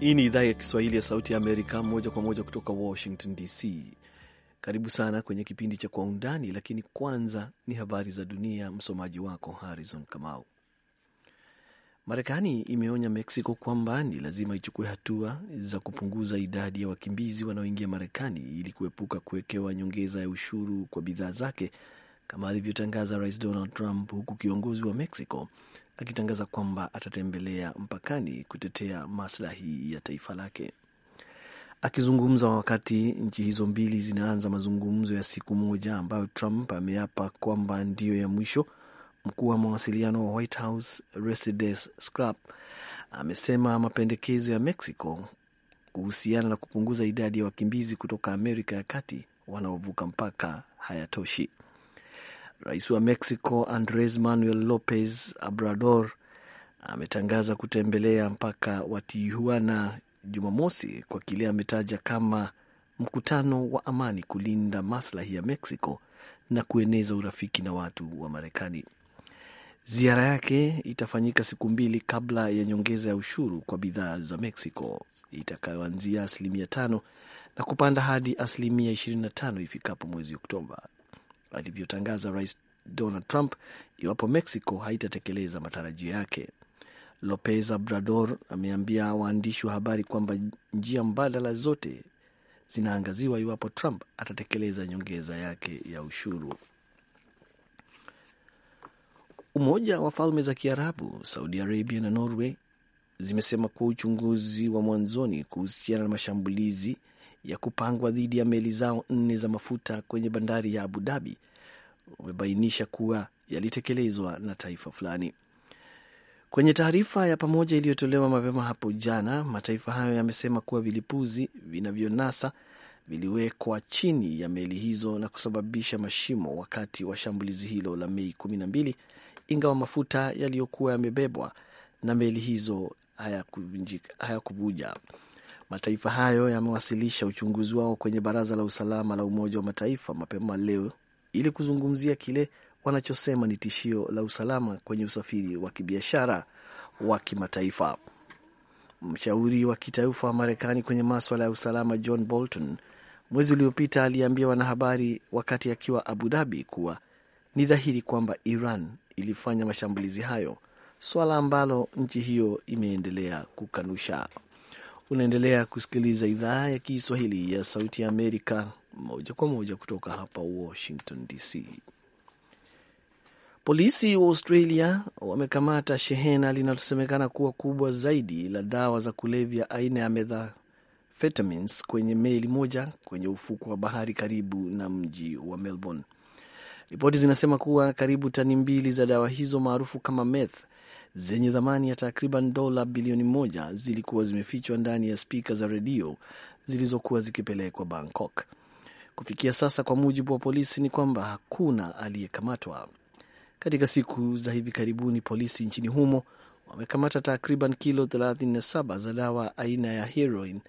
Hii ni idhaa ya Kiswahili ya Sauti ya Amerika, moja kwa moja kutoka Washington DC. Karibu sana kwenye kipindi cha Kwa Undani, lakini kwanza ni habari za dunia. Msomaji wako Harrison Kamau. Marekani imeonya Mexico kwamba ni lazima ichukue hatua za kupunguza idadi ya wakimbizi wanaoingia Marekani ili kuepuka kuwekewa nyongeza ya ushuru kwa bidhaa zake kama alivyotangaza Rais Donald Trump, huku kiongozi wa Mexico akitangaza kwamba atatembelea mpakani kutetea maslahi ya taifa lake. Akizungumza wakati nchi hizo mbili zinaanza mazungumzo ya siku moja ambayo Trump ameapa kwamba ndiyo ya mwisho, mkuu wa mawasiliano wa White House Scrap amesema mapendekezo ya Mexico kuhusiana na kupunguza idadi ya wakimbizi kutoka Amerika ya kati wanaovuka mpaka hayatoshi. Rais wa Mexico Andres Manuel Lopez Obrador ametangaza kutembelea mpaka wa Tijuana Jumamosi kwa kile ametaja kama mkutano wa amani kulinda maslahi ya Mexico na kueneza urafiki na watu wa Marekani. Ziara yake itafanyika siku mbili kabla ya nyongeza ya ushuru kwa bidhaa za Mexico itakayoanzia asilimia tano na kupanda hadi asilimia tano ifikapo mwezi Oktoba alivyotangaza Rais Donald Trump iwapo Mexico haitatekeleza matarajio yake. Lopez Obrador ameambia waandishi wa habari kwamba njia mbadala zote zinaangaziwa iwapo Trump atatekeleza nyongeza yake ya ushuru. Umoja wa Falme za Kiarabu, Saudi Arabia na Norway zimesema kuwa uchunguzi wa mwanzoni kuhusiana na mashambulizi ya kupangwa dhidi ya meli zao nne za mafuta kwenye bandari ya Abu Dhabi umebainisha kuwa yalitekelezwa na taifa fulani. Kwenye taarifa ya pamoja iliyotolewa mapema hapo jana, mataifa hayo yamesema kuwa vilipuzi vinavyonasa viliwekwa chini ya meli hizo na kusababisha mashimo wakati wa shambulizi hilo la Mei kumi na mbili ingawa mafuta yaliyokuwa yamebebwa na meli hizo hayakuvuja. Mataifa hayo yamewasilisha uchunguzi wao kwenye Baraza la Usalama la Umoja wa Mataifa mapema leo ili kuzungumzia kile wanachosema ni tishio la usalama kwenye usafiri wa kibiashara wa kimataifa. Mshauri wa kitaifa wa Marekani kwenye maswala ya usalama John Bolton mwezi uliopita aliambia wanahabari wakati akiwa Abu Dhabi kuwa ni dhahiri kwamba Iran ilifanya mashambulizi hayo, swala ambalo nchi hiyo imeendelea kukanusha. Unaendelea kusikiliza idhaa ya Kiswahili ya Sauti ya Amerika moja kwa moja kutoka hapa Washington DC. Polisi wa Australia wamekamata shehena linalosemekana kuwa kubwa zaidi la dawa za kulevya aina ya methamphetamines kwenye meli moja kwenye ufuko wa bahari karibu na mji wa Melbourne. Ripoti zinasema kuwa karibu tani mbili za dawa hizo maarufu kama meth zenye thamani ya takriban dola bilioni moja zilikuwa zimefichwa ndani ya spika za redio zilizokuwa zikipelekwa Bangkok. Kufikia sasa, kwa mujibu wa polisi, ni kwamba hakuna aliyekamatwa. Katika siku za hivi karibuni, polisi nchini humo wamekamata takriban kilo 37 za dawa aina ya heroin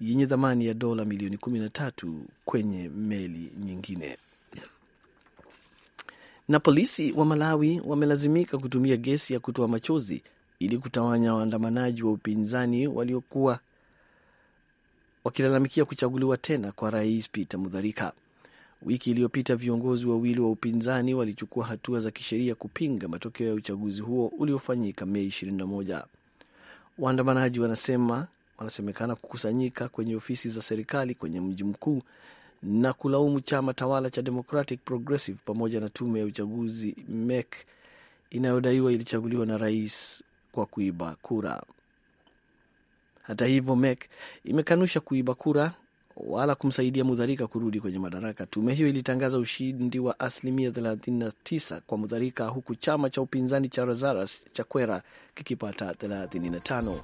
yenye thamani ya dola milioni 13 kwenye meli nyingine na polisi wa Malawi wamelazimika kutumia gesi ya kutoa machozi ili kutawanya waandamanaji wa upinzani waliokuwa wakilalamikia kuchaguliwa tena kwa Rais Peter Mutharika. Wiki iliyopita viongozi wawili wa upinzani walichukua hatua za kisheria kupinga matokeo ya uchaguzi huo uliofanyika Mei 21. Waandamanaji wanasema wanasemekana kukusanyika kwenye ofisi za serikali kwenye mji mkuu na kulaumu chama tawala cha Democratic Progressive pamoja na tume ya uchaguzi MEC inayodaiwa ilichaguliwa na rais kwa kuiba kura. Hata hivyo, MEC imekanusha kuiba kura wala kumsaidia Mudharika kurudi kwenye madaraka. Tume hiyo ilitangaza ushindi wa asilimia 39 kwa Mudharika, huku chama cha upinzani cha razaras cha kwera kikipata 35.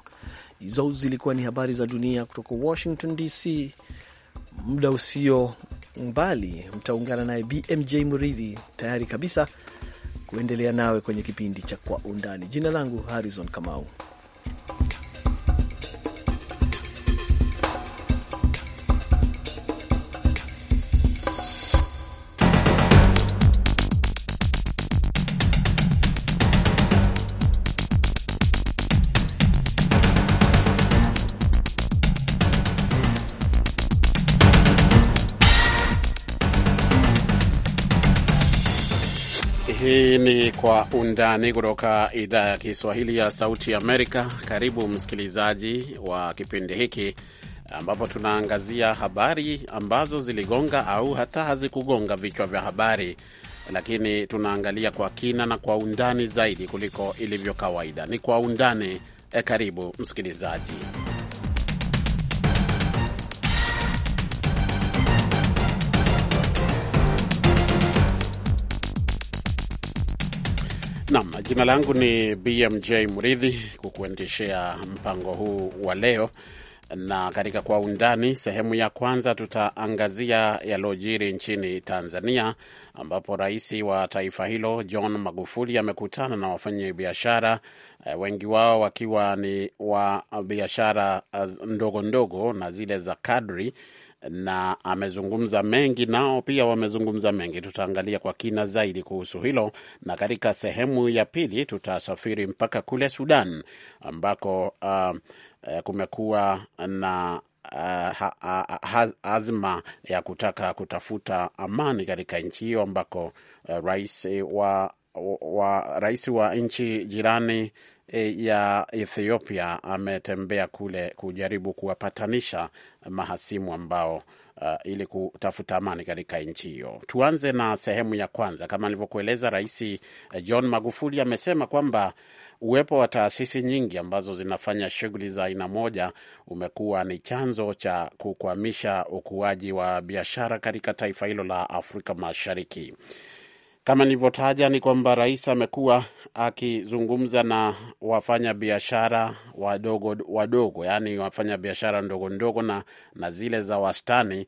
Hizo zilikuwa ni habari za dunia kutoka Washington DC muda usio mbali mtaungana naye BMJ Muridhi, tayari kabisa kuendelea nawe kwenye kipindi cha Kwa Undani. Jina langu Harrison Kamau. undani kutoka idhaa ya Kiswahili ya Sauti Amerika. Karibu msikilizaji wa kipindi hiki ambapo tunaangazia habari ambazo ziligonga au hata hazikugonga vichwa vya habari, lakini tunaangalia kwa kina na kwa undani zaidi kuliko ilivyo kawaida. Ni kwa undani. E, karibu msikilizaji. Jina langu ni BMJ Mridhi, kukuendeshea mpango huu wa leo. Na katika Kwa Undani sehemu ya kwanza, tutaangazia yaliyojiri nchini Tanzania, ambapo rais wa taifa hilo John Magufuli amekutana na wafanyabiashara, eh, wengi wao wakiwa ni wa biashara eh, ndogo ndogo na zile za kadri na amezungumza mengi, nao pia wamezungumza mengi. Tutaangalia kwa kina zaidi kuhusu hilo, na katika sehemu ya pili tutasafiri mpaka kule Sudan ambako uh, eh, kumekuwa na uh, azma ya kutaka kutafuta amani katika nchi hiyo ambako uh, rais wa, wa, wa, rais wa nchi jirani E, ya Ethiopia ametembea kule kujaribu kuwapatanisha mahasimu ambao Uh, ili kutafuta amani katika nchi hiyo. Tuanze na sehemu ya kwanza. Kama alivyokueleza Rais e, John Magufuli amesema kwamba uwepo wa taasisi nyingi ambazo zinafanya shughuli za aina moja umekuwa ni chanzo cha kukwamisha ukuaji wa biashara katika taifa hilo la Afrika Mashariki. Kama nilivyotaja ni kwamba rais amekuwa akizungumza na wafanya biashara wadogo wadogo, yaani wafanya biashara ndogo ndogo na, na zile za wastani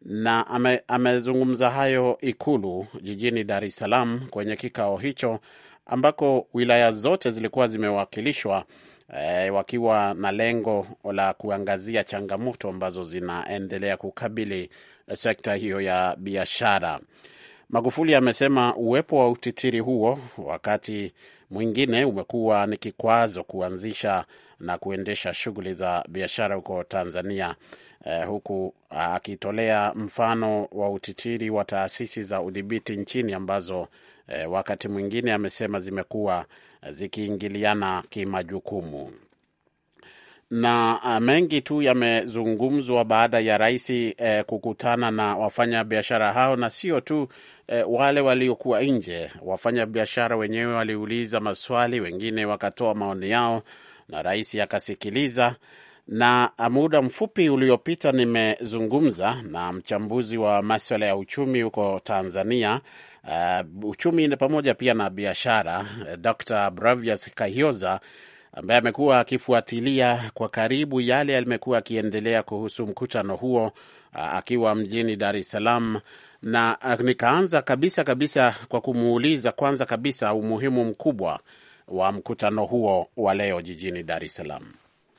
na ame, amezungumza hayo Ikulu jijini Dar es Salaam kwenye kikao hicho ambako wilaya zote zilikuwa zimewakilishwa e, wakiwa na lengo la kuangazia changamoto ambazo zinaendelea kukabili sekta hiyo ya biashara. Magufuli amesema uwepo wa utitiri huo wakati mwingine umekuwa ni kikwazo kuanzisha na kuendesha shughuli za biashara huko Tanzania, eh, huku akitolea mfano wa utitiri wa taasisi za udhibiti nchini ambazo eh, wakati mwingine amesema zimekuwa zikiingiliana kimajukumu na eh, mengi tu yamezungumzwa baada ya rais eh, kukutana na wafanyabiashara hao, na sio tu e, wale waliokuwa nje, wafanya biashara wenyewe waliuliza maswali, wengine wakatoa maoni yao na rais akasikiliza. Na muda mfupi uliopita nimezungumza na mchambuzi wa maswala ya uchumi huko Tanzania, uh, uchumi pamoja pia na biashara, eh, Dr. Bravias Kahioza ambaye amekuwa akifuatilia kwa karibu yale yalimekuwa akiendelea kuhusu mkutano huo akiwa mjini Dar es Salaam, na nikaanza kabisa kabisa kwa kumuuliza kwanza kabisa umuhimu mkubwa wa mkutano huo wa leo jijini Dar es Salaam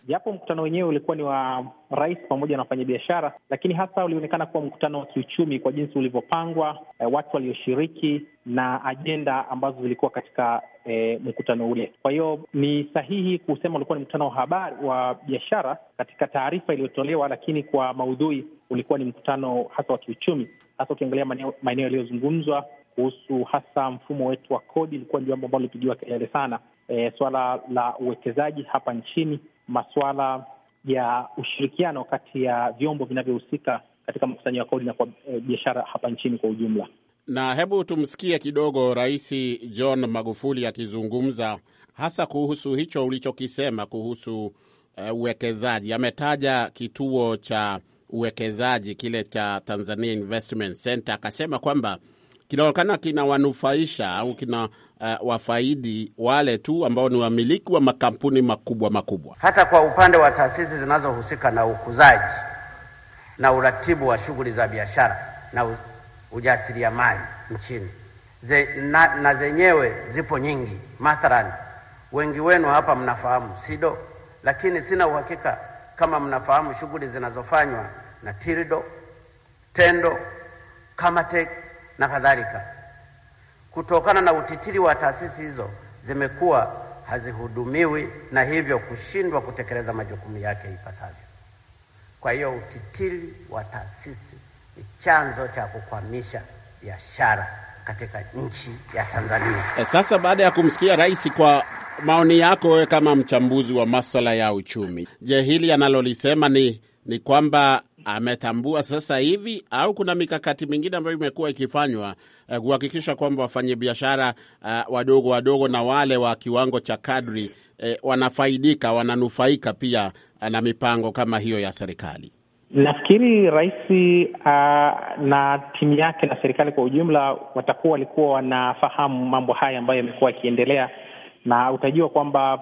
japo mkutano wenyewe ulikuwa ni wa rais pamoja na wafanyabiashara, lakini hasa ulionekana kuwa mkutano wa kiuchumi kwa jinsi ulivyopangwa, eh, watu walioshiriki na ajenda ambazo zilikuwa katika e, mkutano ule. Kwa hiyo ni sahihi kusema ulikuwa ni mkutano wa habari wa biashara katika taarifa iliyotolewa, lakini kwa maudhui ulikuwa ni mkutano hasa wa kiuchumi, hasa ukiangalia maeneo yaliyozungumzwa kuhusu hasa mfumo wetu wa kodi, ilikuwa ni jambo ambalo lilipigiwa kelele sana. E, swala la uwekezaji hapa nchini masuala ya ushirikiano kati ya vyombo vinavyohusika katika makusanyo ya kodi na kwa e, biashara hapa nchini kwa ujumla. Na hebu tumsikie kidogo Rais John Magufuli akizungumza hasa kuhusu hicho ulichokisema kuhusu e, uwekezaji. Ametaja kituo cha uwekezaji kile cha Tanzania Investment Center, akasema kwamba kinaonekana kinawanufaisha au kina uh, wafaidi wale tu ambao ni wamiliki wa makampuni makubwa makubwa. Hata kwa upande wa taasisi zinazohusika na ukuzaji na uratibu wa shughuli za biashara na ujasiriamali nchini Ze, na, na zenyewe zipo nyingi. Mathalani, wengi wenu hapa mnafahamu SIDO, lakini sina uhakika kama mnafahamu shughuli zinazofanywa na tirido TENDO, Kamatek na kadhalika kutokana na utitiri wa taasisi hizo zimekuwa hazihudumiwi na hivyo kushindwa kutekeleza majukumu yake ipasavyo. Kwa hiyo utitiri wa taasisi ni chanzo cha kukwamisha biashara katika nchi ya Tanzania. E, sasa baada ya kumsikia rais, kwa maoni yako wewe kama mchambuzi wa maswala ya uchumi, je, hili analolisema ni, ni kwamba ametambua sasa hivi au kuna mikakati mingine ambayo imekuwa ikifanywa eh, kuhakikisha kwamba wafanyabiashara biashara eh, wadogo wadogo na wale wa kiwango cha kadri eh, wanafaidika wananufaika pia eh, na mipango kama hiyo ya serikali? Nafikiri rais uh, na timu yake na serikali kwa ujumla watakuwa walikuwa wanafahamu mambo haya ambayo yamekuwa yakiendelea, na utajua kwamba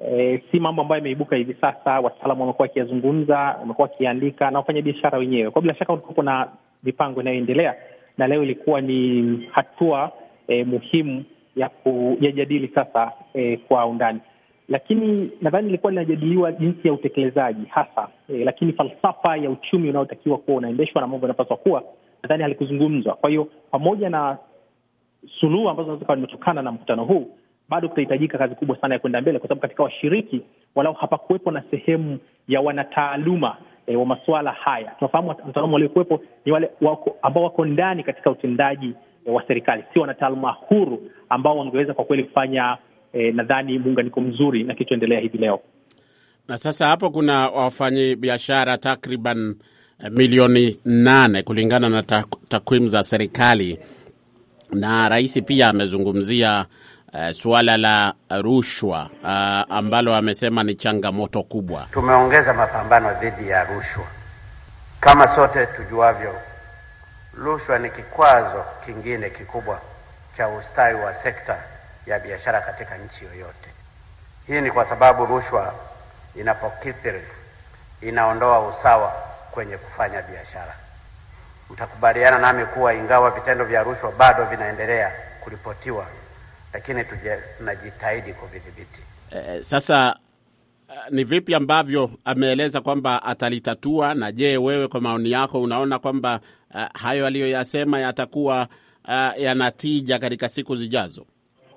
E, si mambo ambayo yameibuka hivi sasa. Wataalamu wamekuwa wakiyazungumza, wamekuwa wakiandika na wafanya biashara wenyewe, kwa bila shaka ulikuwepo na mipango inayoendelea, na leo ilikuwa ni hatua e, muhimu ya kujadili sasa e, kwa undani, lakini nadhani ilikuwa linajadiliwa jinsi ya utekelezaji hasa e, lakini falsafa ya uchumi unaotakiwa kuwa unaendeshwa na mambo yanapaswa kuwa, nadhani halikuzungumzwa. Kwa hiyo pamoja na suluhu ambazo zinaweza kuwa limetokana na mkutano huu bado kutahitajika kazi kubwa sana ya kwenda mbele, kwa sababu katika washiriki walau hapakuwepo na sehemu ya wanataaluma e, wa masuala haya. Tunafahamu wataalamu waliokuwepo ni wale wako, ambao wako ndani katika utendaji e, wa serikali, sio wanataaluma huru ambao wangeweza kwa kweli kufanya e, nadhani muunganiko mzuri na kilichoendelea hivi leo. Na sasa hapo kuna biashara takriban e, milioni nane kulingana na takwimu za serikali, na rais pia amezungumzia Eh, suala la rushwa uh, ambalo amesema ni changamoto kubwa. Tumeongeza mapambano dhidi ya rushwa. Kama sote tujuavyo, rushwa ni kikwazo kingine kikubwa cha ustawi wa sekta ya biashara katika nchi yoyote. Hii ni kwa sababu rushwa inapokithiri inaondoa usawa kwenye kufanya biashara. Mtakubaliana nami kuwa ingawa vitendo vya rushwa bado vinaendelea kuripotiwa lakini tunajitahidi kuvidhibiti. Eh, eh, sasa eh, ni vipi ambavyo ameeleza kwamba atalitatua? Na je, wewe kwa maoni yako unaona kwamba uh, hayo aliyoyasema yatakuwa uh, yanatija katika siku zijazo?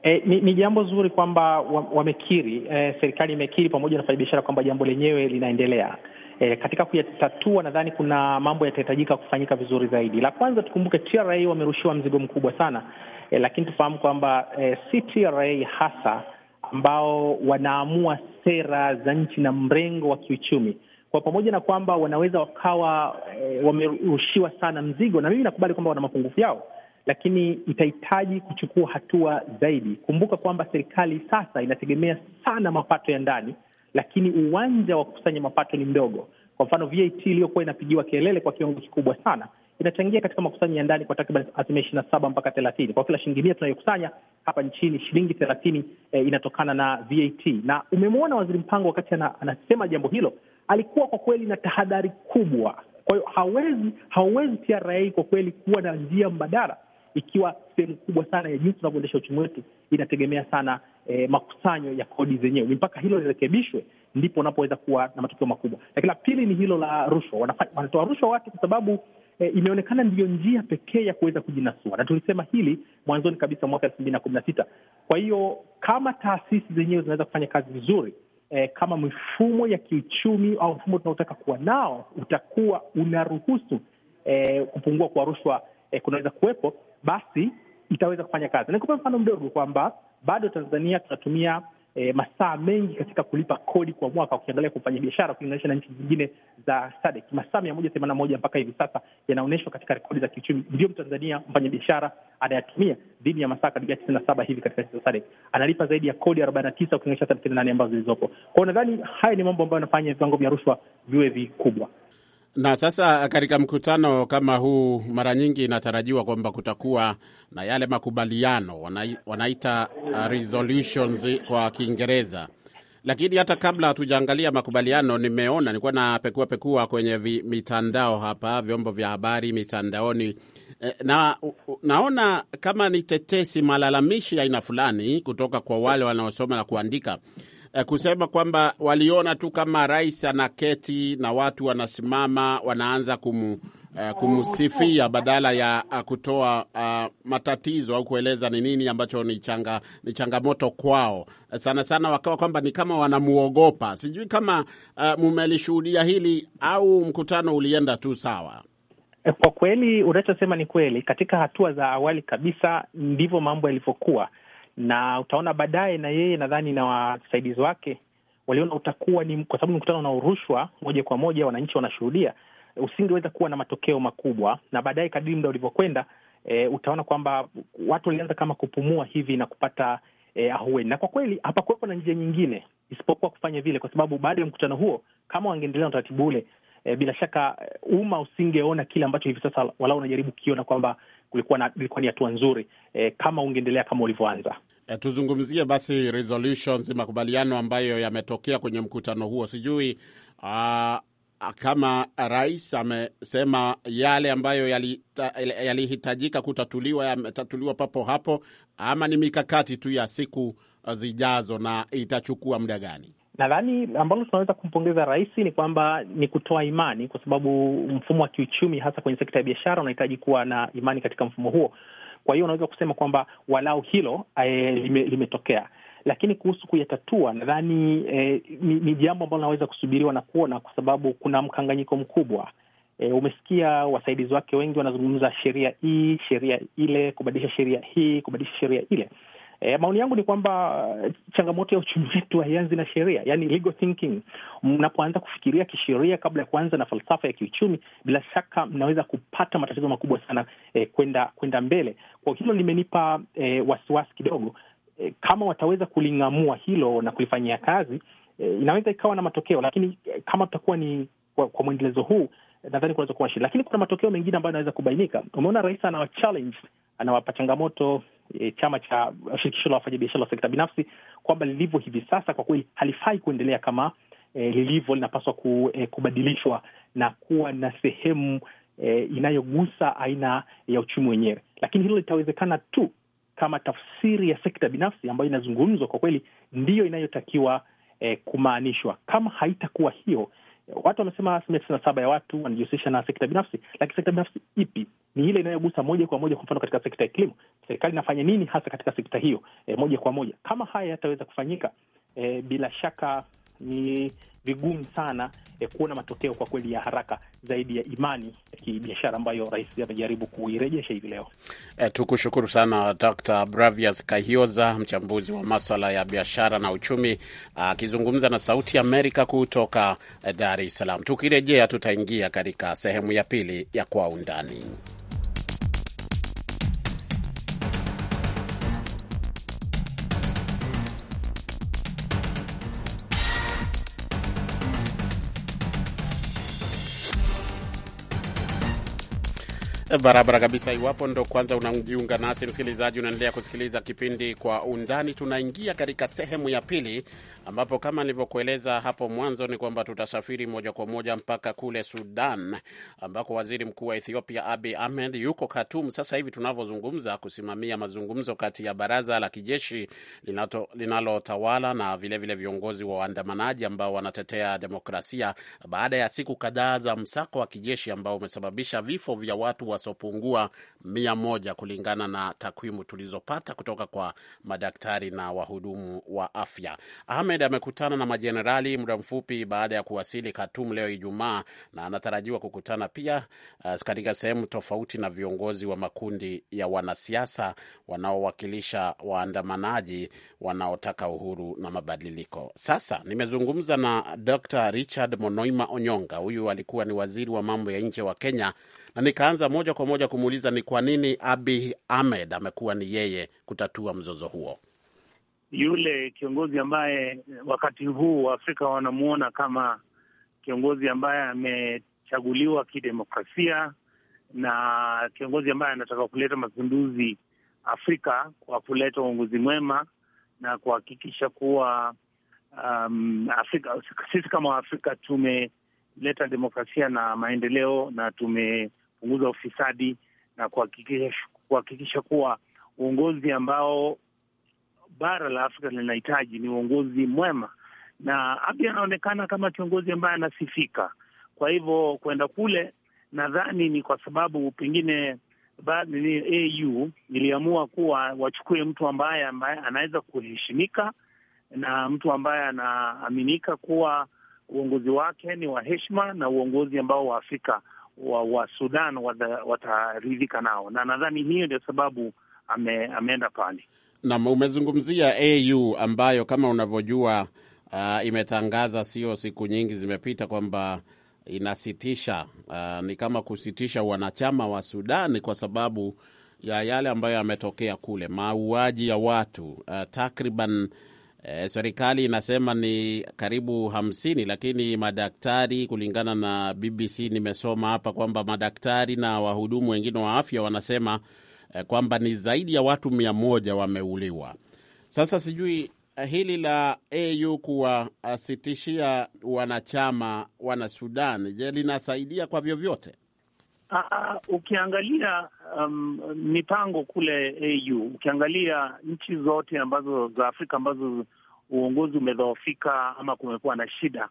E, ni, ni jambo zuri kwamba wamekiri wa e, serikali imekiri pamoja na wafanyabiashara kwamba jambo lenyewe linaendelea. E, katika kuyatatua nadhani kuna mambo yatahitajika kufanyika vizuri zaidi. La kwanza tukumbuke, TRA wamerushiwa mzigo mkubwa sana eh, lakini tufahamu kwamba eh, CTRA hasa ambao wanaamua sera za nchi na mrengo wa kiuchumi kwa pamoja na kwamba wanaweza wakawa e, wamerushiwa sana mzigo, na mimi nakubali kwamba wana mapungufu yao, lakini itahitaji kuchukua hatua zaidi. Kumbuka kwamba serikali sasa inategemea sana mapato ya ndani, lakini uwanja wa kukusanya mapato ni mdogo. Kwa mfano, VAT iliyokuwa inapigiwa kelele kwa kiwango kikubwa sana inachangia katika makusanyo ya ndani kwa takriban asilimia ishirini na saba mpaka thelathini. Kwa kila shilingi mia tunayokusanya hapa nchini shilingi thelathini eh, inatokana na VAT. Na umemwona Waziri Mpango wakati anasema jambo hilo alikuwa kwa kweli na tahadhari kubwa. Kwa hiyo hawezi hauwezi TRA kwa kweli kuwa na njia mbadala ikiwa sehemu kubwa sana ya jinsi tunavyoendesha uchumi wetu inategemea sana eh, makusanyo ya kodi zenyewe. Ni mpaka hilo lirekebishwe ndipo unapoweza kuwa na matokeo makubwa. Lakini la pili ni hilo la rushwa. Wanatoa rushwa watu kwa sababu e, imeonekana ndiyo njia pekee ya kuweza kujinasua, na tulisema hili mwanzoni kabisa mwaka elfu mbili na kumi na sita. Kwa hiyo kama taasisi zenyewe zinaweza kufanya kazi vizuri e, kama mifumo ya kiuchumi au mfumo tunaotaka kuwa nao utakuwa unaruhusu e, kupungua kwa rushwa e, kunaweza kuwepo, basi itaweza kufanya kazi. Nikupe mfano mdogo kwamba bado Tanzania tunatumia e, masaa mengi katika kulipa kodi kwa mwaka, ukiangalia kwa biashara ukilinganisha na nchi zingine za SADC. Masaa mia moja themanini na moja mpaka hivi sasa yanaonyeshwa katika rekodi za kiuchumi, ndio Mtanzania mfanya biashara anayatumia dhidi ya masaa karibia tisini na saba hivi katika nchi za SADC, analipa zaidi ya kodi arobaini na tisa ukilinganisha thelathini na nane ambazo zilizopo kwao. Nadhani haya ni mambo ambayo yanafanya viwango vya rushwa viwe vikubwa. Na sasa katika mkutano kama huu, mara nyingi inatarajiwa kwamba kutakuwa na yale makubaliano wanaita uh, resolutions kwa Kiingereza lakini hata kabla hatujaangalia makubaliano, nimeona nilikuwa na pekua pekua kwenye vi, mitandao hapa, vyombo vya habari mitandaoni, eh, na naona kama ni tetesi, malalamishi aina fulani kutoka kwa wale wanaosoma na kuandika Eh, kusema kwamba waliona tu kama rais anaketi na watu wanasimama wanaanza kumu eh, kumsifia badala ya eh, kutoa uh, matatizo au kueleza ni nini ambacho ni changa ni changamoto kwao. Sana sana wakawa kwamba ni kama wanamuogopa. Sijui kama uh, mumelishuhudia hili au mkutano ulienda tu sawa. Kwa kweli unachosema ni kweli. Katika hatua za awali kabisa ndivyo mambo yalivyokuwa, na utaona baadaye na yeye nadhani na wasaidizi wake waliona utakuwa ni kwa sababu ni mkutano unaorushwa moja kwa moja, wananchi wanashuhudia, usingeweza kuwa na matokeo makubwa. Na baadaye kadiri muda ulivyokwenda, e, utaona kwamba watu walianza kama kupumua hivi na kupata e, ahueni. Na kwa kweli hapakuwepo na njia nyingine isipokuwa kufanya vile, kwa sababu baada ya mkutano huo, kama wangeendelea na utaratibu ule, e, bila shaka umma usingeona kile ambacho hivi sasa walau unajaribu kukiona kwamba kulikuwa na ilikuwa ni hatua nzuri e, kama ungeendelea kama ulivyoanza. E, tuzungumzie basi resolutions, makubaliano ambayo yametokea kwenye mkutano huo. Sijui aa, ah, kama rais amesema yale ambayo yalihitajika yali kutatuliwa yametatuliwa papo hapo, ama ni mikakati tu ya siku zijazo na itachukua muda gani? Nadhani ambalo tunaweza kumpongeza rais ni kwamba ni kutoa imani, kwa sababu mfumo wa kiuchumi hasa kwenye sekta ya biashara unahitaji kuwa na imani katika mfumo huo. Kwa hiyo unaweza kusema kwamba walau hilo eh, lime, limetokea lakini kuhusu kuyatatua nadhani e, ni, ni jambo ambalo naweza kusubiriwa na kuona, kwa sababu kuna mkanganyiko mkubwa. e, umesikia wasaidizi wake wengi wanazungumza sheria hii sheria ile, kubadilisha sheria hii, kubadilisha sheria ile. E, maoni yangu ni kwamba eh, changamoto ya uchumi wetu haianzi na sheria, yani legal thinking. Mnapoanza kufikiria kisheria kabla ya kuanza na falsafa ya kiuchumi, bila shaka mnaweza kupata matatizo makubwa sana e, kwenda kwenda mbele. Kwa hilo limenipa e, wasiwasi kidogo e, kama wataweza kuling'amua hilo na kulifanyia kazi e, inaweza ikawa na matokeo, lakini kama tutakuwa ni kwa, kwa mwendelezo huu nadhani kunaweza kuwa shida, lakini kuna matokeo mengine ambayo yanaweza kubainika. Umeona rais anawa challenge, anawapa changamoto e, chama cha shirikisho la wafanyabiashara wa sekta binafsi kwamba lilivyo hivi sasa kwa kweli halifai kuendelea kama e, lilivyo, linapaswa ku, e, kubadilishwa na kuwa na sehemu e, inayogusa aina ya uchumi wenyewe, lakini hilo litawezekana tu kama tafsiri ya sekta binafsi ambayo inazungumzwa kwa kweli ndiyo inayotakiwa e, kumaanishwa. Kama haitakuwa hiyo watu wamesema asilimia tisini na saba ya watu wanajihusisha na sekta binafsi, lakini sekta binafsi ipi? Ni ile inayogusa moja kwa moja. Kwa mfano katika sekta ya kilimo, serikali inafanya nini hasa katika sekta hiyo e, moja kwa moja? Kama haya yataweza kufanyika e, bila shaka ni vigumu sana eh, kuona matokeo kwa kweli ya haraka zaidi ya imani ya kibiashara ambayo rais amejaribu kuirejesha hivi leo. Eh, tukushukuru sana Dr. Bravias Kahioza, mchambuzi wa maswala ya biashara na uchumi, akizungumza ah, na Sauti ya Amerika kutoka eh, Dar es Salaam. Tukirejea tutaingia katika sehemu ya pili ya Kwa Undani. Barabara kabisa. Iwapo ndo kwanza unajiunga nasi, msikilizaji, unaendelea kusikiliza kipindi Kwa Undani. Tunaingia katika sehemu ya pili, ambapo kama nilivyokueleza hapo mwanzo ni kwamba tutasafiri moja kwa moja mpaka kule Sudan, ambako waziri mkuu wa Ethiopia Abiy Ahmed yuko Khartoum sasa hivi tunavyozungumza, kusimamia mazungumzo kati ya baraza la kijeshi linalotawala na vilevile vile viongozi wa waandamanaji ambao wanatetea demokrasia baada ya siku kadhaa za msako wa kijeshi ambao umesababisha vifo vya watu wa wasiopungua mia moja kulingana na takwimu tulizopata kutoka kwa madaktari na wahudumu wa afya. Ahmed amekutana na majenerali muda mfupi baada ya kuwasili Khartoum leo Ijumaa, na anatarajiwa kukutana pia uh, katika sehemu tofauti na viongozi wa makundi ya wanasiasa wanaowakilisha waandamanaji wanaotaka uhuru na mabadiliko. Sasa nimezungumza na Dr Richard Monoima Onyonga, huyu alikuwa ni waziri wa mambo ya nje wa Kenya na nikaanza moja kwa moja kumuuliza ni kwa nini Abi Ahmed amekuwa ni yeye kutatua mzozo huo. Yule kiongozi ambaye wakati huu Waafrika wanamwona kama kiongozi ambaye amechaguliwa kidemokrasia na kiongozi ambaye anataka kuleta mapinduzi Afrika kwa kuleta uongozi mwema na kuhakikisha kuwa um, Afrika, sisi kama Waafrika tumeleta demokrasia na maendeleo na tume kupunguza ufisadi na kuhakikisha kuwa uongozi ambao bara la Afrika linahitaji ni uongozi mwema, na Abiy anaonekana kama kiongozi ambaye anasifika. Kwa hivyo kwenda kule, nadhani ni kwa sababu pengine AU iliamua kuwa wachukue mtu ambaye ambaye anaweza kuheshimika na mtu ambaye anaaminika kuwa uongozi wake ni wa heshima na uongozi ambao Waafrika wa, wa Sudan wataridhika nao, na nadhani hiyo ndio sababu ame, ameenda pale. Naam, umezungumzia AU ambayo kama unavyojua uh, imetangaza sio siku nyingi zimepita kwamba inasitisha uh, ni kama kusitisha wanachama wa Sudan kwa sababu ya yale ambayo yametokea kule, mauaji ya watu uh, takriban E, serikali inasema ni karibu hamsini, lakini madaktari, kulingana na BBC nimesoma hapa kwamba madaktari na wahudumu wengine wa afya wanasema e, kwamba ni zaidi ya watu mia moja wameuliwa. Sasa sijui e, hili la AU kuwasitishia wanachama wana Sudan, je, linasaidia kwa vyovyote? Aa, ah, ah, ukiangalia um, mipango kule AU, ukiangalia nchi zote ambazo za Afrika ambazo uongozi umedhoofika ama kumekuwa na shida,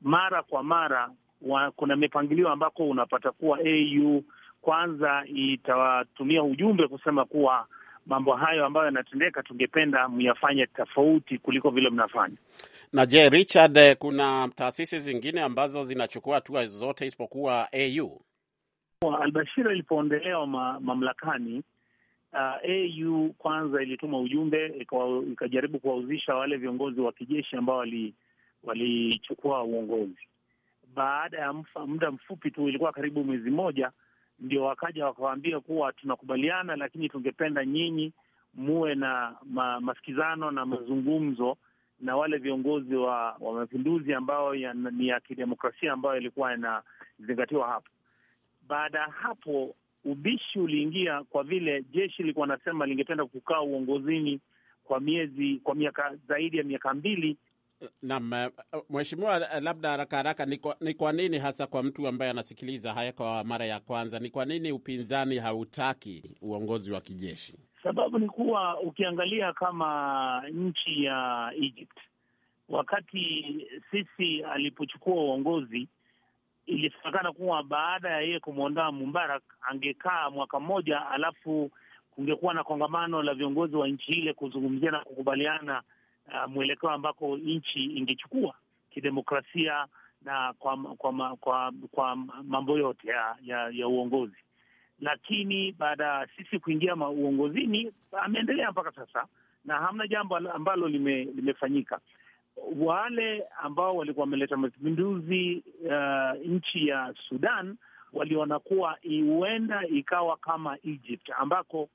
mara kwa mara wa, kuna mipangilio ambako unapata kuwa AU kwanza itawatumia ujumbe kusema kuwa mambo hayo ambayo yanatendeka tungependa myafanye tofauti kuliko vile mnafanya. Na je, Richard, kuna taasisi zingine ambazo zinachukua hatua zote isipokuwa AU? Albashir alipoondolewa ma, mamlakani uh, AU kwanza ilituma ujumbe ikajaribu kuwauzisha wale viongozi wa kijeshi ambao walichukua wali uongozi. Baada ya muda mfupi tu, ilikuwa karibu mwezi mmoja, ndio wakaja wakawaambia kuwa tunakubaliana, lakini tungependa nyinyi muwe na ma, masikizano na mazungumzo na wale viongozi wa, wa mapinduzi ambayo ni ya kidemokrasia ambayo ilikuwa inazingatiwa hapo baada ya hapo ubishi uliingia, kwa vile jeshi lilikuwa nasema lingependa kukaa uongozini kwa miezi kwa miaka zaidi ya miaka mbili. Naam, eh, eh, mheshimiwa, eh, labda haraka haraka, ni kwa nini hasa, kwa mtu ambaye anasikiliza haya kwa mara ya kwanza, ni kwa nini upinzani hautaki uongozi wa kijeshi? Sababu ni kuwa ukiangalia kama nchi ya Egypt, wakati sisi alipochukua uongozi ilisemekana kuwa baada ya yeye kumwondoa Mubarak angekaa mwaka mmoja, alafu kungekuwa na kongamano la viongozi wa nchi ile kuzungumzia na kukubaliana uh, mwelekeo ambako nchi ingechukua kidemokrasia na kwa kwa kwa, kwa mambo yote ya, ya, ya uongozi. Lakini baada ya sisi kuingia uongozini ameendelea mpaka sasa na hamna jambo ambalo lime, limefanyika wale ambao walikuwa wameleta mapinduzi uh, nchi ya Sudan waliona kuwa huenda ikawa kama Egypt ambako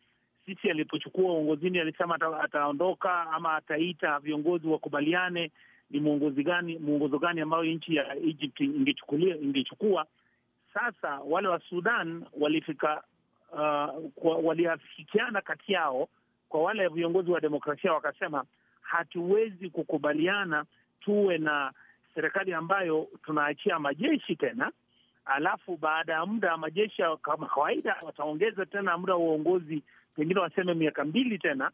sisi alipochukua uongozini alisema ataondoka ama ataita viongozi wakubaliane ni mwongozi gani muongozo gani ambayo nchi ya Egypt ingechukulia ingechukua. Sasa wale wa Sudan walifika uh, waliafikiana kati yao kwa wale viongozi wa demokrasia wakasema hatuwezi kukubaliana tuwe na serikali ambayo tunaachia majeshi tena, alafu baada ya muda majeshi kama kawaida wataongeza tena muda wa uongozi, pengine waseme miaka mbili tena.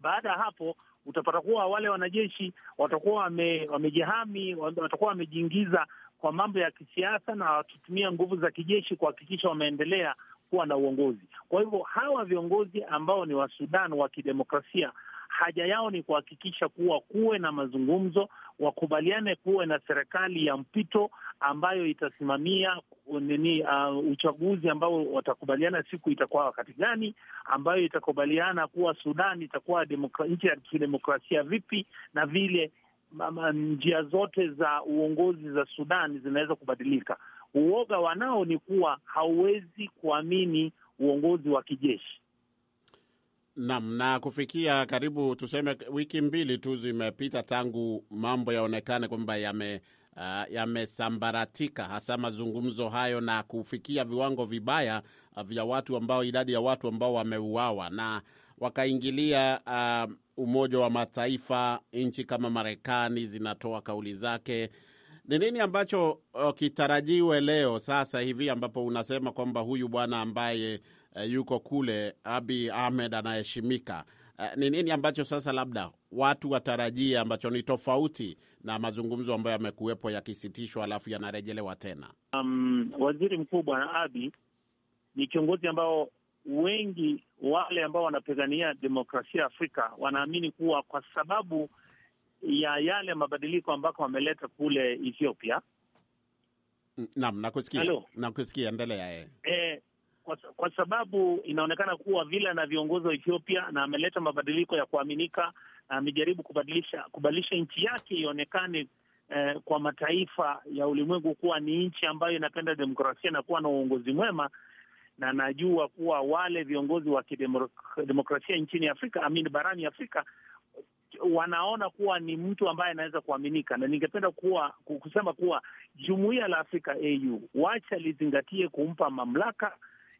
Baada ya hapo utapata kuwa wale wanajeshi watakuwa wame, wamejihami watakuwa wamejiingiza kwa mambo ya kisiasa na watutumia nguvu za kijeshi kuhakikisha wameendelea kuwa na uongozi. Kwa hivyo hawa viongozi ambao ni Wasudan wa kidemokrasia haja yao ni kuhakikisha kuwa kuwe na mazungumzo, wakubaliane kuwe na serikali ya mpito ambayo itasimamia uh, nini, uh, uchaguzi ambao watakubaliana siku itakuwa wakati gani, ambayo itakubaliana kuwa Sudan itakuwa nchi ya kidemokrasia vipi, na vile njia zote za uongozi za Sudan zinaweza kubadilika. Uoga wanao ni kuwa hauwezi kuamini uongozi wa kijeshi Naam, na kufikia karibu tuseme wiki mbili tu zimepita tangu mambo yaonekane kwamba yame Uh, yamesambaratika hasa mazungumzo hayo na kufikia viwango vibaya uh, vya watu ambao idadi ya watu ambao wameuawa, na wakaingilia uh, Umoja wa Mataifa, nchi kama Marekani zinatoa kauli zake. Ni nini ambacho uh, kitarajiwe leo sasa hivi ambapo unasema kwamba huyu bwana ambaye Eh, yuko kule, Abi Ahmed anaheshimika. Eh, ni nini ambacho sasa labda watu watarajia ambacho ni tofauti na mazungumzo ambayo yamekuwepo yakisitishwa alafu yanarejelewa tena? Um, waziri mkuu bwana Abi ni kiongozi ambao wengi wale ambao wanapigania demokrasia Afrika wanaamini kuwa kwa sababu ya yale mabadiliko ambako wameleta kule Ethiopia. Mm, naam, nakusikia, nakusikia, endelea. Eh, eh kwa, kwa sababu inaonekana kuwa vile na viongozi wa Ethiopia na ameleta mabadiliko ya kuaminika, amejaribu kubadilisha kubadilisha nchi yake ionekane eh, kwa mataifa ya ulimwengu kuwa ni nchi ambayo inapenda demokrasia na kuwa na uongozi mwema, na najua kuwa wale viongozi wa kidemokrasia nchini Afrika amin, barani Afrika wanaona kuwa ni mtu ambaye anaweza kuaminika, na ningependa kuwa kusema kuwa jumuiya la Afrika au wacha lizingatie kumpa mamlaka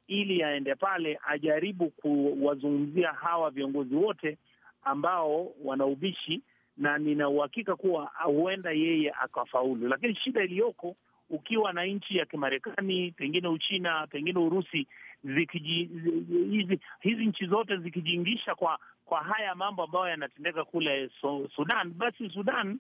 ili aende pale ajaribu kuwazungumzia hawa viongozi wote ambao wana ubishi, na nina uhakika kuwa huenda yeye akafaulu. Lakini shida iliyoko ukiwa na nchi ya Kimarekani, pengine Uchina, pengine Urusi, zikiji, hizi, hizi nchi zote zikijiingisha kwa kwa haya mambo ambayo yanatendeka kule so, Sudan, basi Sudan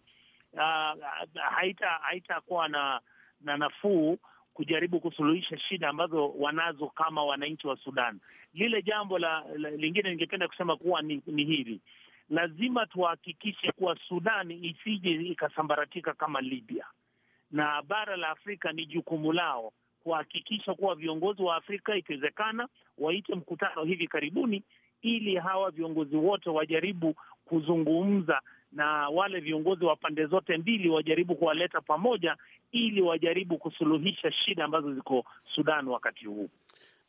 uh, haitakuwa haita na na nafuu kujaribu kusuluhisha shida ambazo wanazo kama wananchi wa Sudan. Lile jambo la, la lingine ningependa kusema kuwa ni, ni hili lazima tuhakikishe kuwa Sudan isije ikasambaratika kama Libya, na bara la Afrika ni jukumu lao kuhakikisha kuwa viongozi wa Afrika ikiwezekana waite mkutano hivi karibuni, ili hawa viongozi wote wajaribu kuzungumza na wale viongozi wa pande zote mbili wajaribu kuwaleta pamoja ili wajaribu kusuluhisha shida ambazo ziko Sudan wakati huu.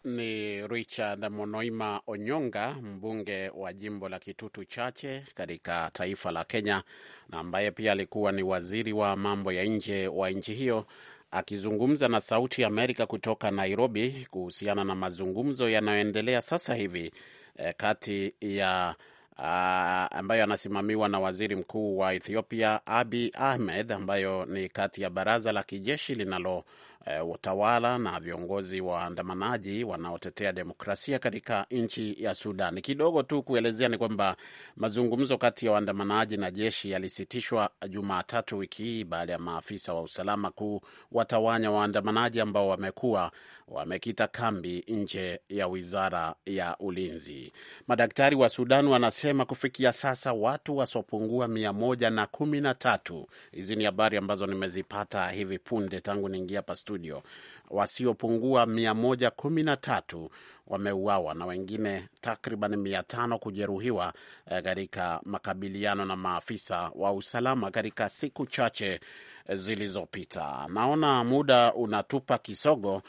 Ni Richard Monoima Onyonga, mbunge wa jimbo la Kitutu Chache katika taifa la Kenya, na ambaye pia alikuwa ni waziri wa mambo ya nje wa nchi hiyo, akizungumza na Sauti Amerika kutoka Nairobi kuhusiana na mazungumzo yanayoendelea sasa hivi eh, kati ya Ah, ambayo anasimamiwa na waziri mkuu wa Ethiopia Abi Ahmed, ambayo ni kati ya baraza la kijeshi linalo uh, eh, utawala na viongozi waandamanaji wanaotetea demokrasia katika nchi ya Sudan. Kidogo tu kuelezea ni kwamba mazungumzo kati ya waandamanaji na jeshi yalisitishwa Jumatatu wiki hii baada ya maafisa wa usalama kuwatawanya waandamanaji ambao wamekuwa wamekita kambi nje ya wizara ya ulinzi. Madaktari wa Sudan wanasema kufikia sasa watu wasiopungua mia moja na kumi na tatu. Hizi ni habari ambazo nimezipata hivi punde tangu niingia hapa studio studio wasiopungua 113 wameuawa na wengine takriban 500 kujeruhiwa eh, katika makabiliano na maafisa wa usalama katika siku chache eh, zilizopita. Naona muda unatupa kisogo,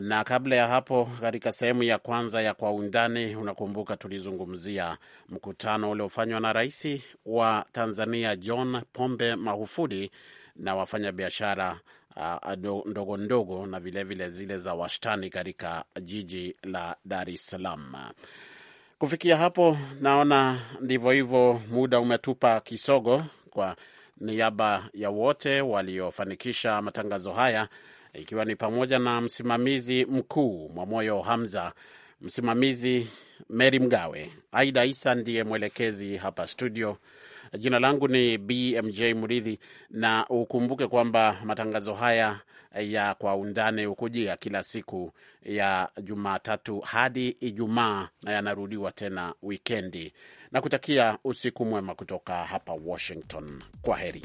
na kabla ya hapo, katika sehemu ya kwanza ya Kwa Undani, unakumbuka tulizungumzia mkutano uliofanywa na rais wa Tanzania John Pombe Magufuli na wafanyabiashara uh, ndogo ndogo na vilevile vile zile za wastani katika jiji la Dar es Salaam. Kufikia hapo, naona ndivyo hivyo, muda umetupa kisogo. Kwa niaba ya wote waliofanikisha matangazo haya, ikiwa ni pamoja na msimamizi mkuu Mwamoyo Hamza, msimamizi Meri Mgawe, Aida Isa ndiye mwelekezi hapa studio. Jina langu ni BMJ Muridhi, na ukumbuke kwamba matangazo haya ya kwa undani hukujia kila siku ya Jumatatu hadi Ijumaa na yanarudiwa tena wikendi, na kutakia usiku mwema kutoka hapa Washington. Kwa heri.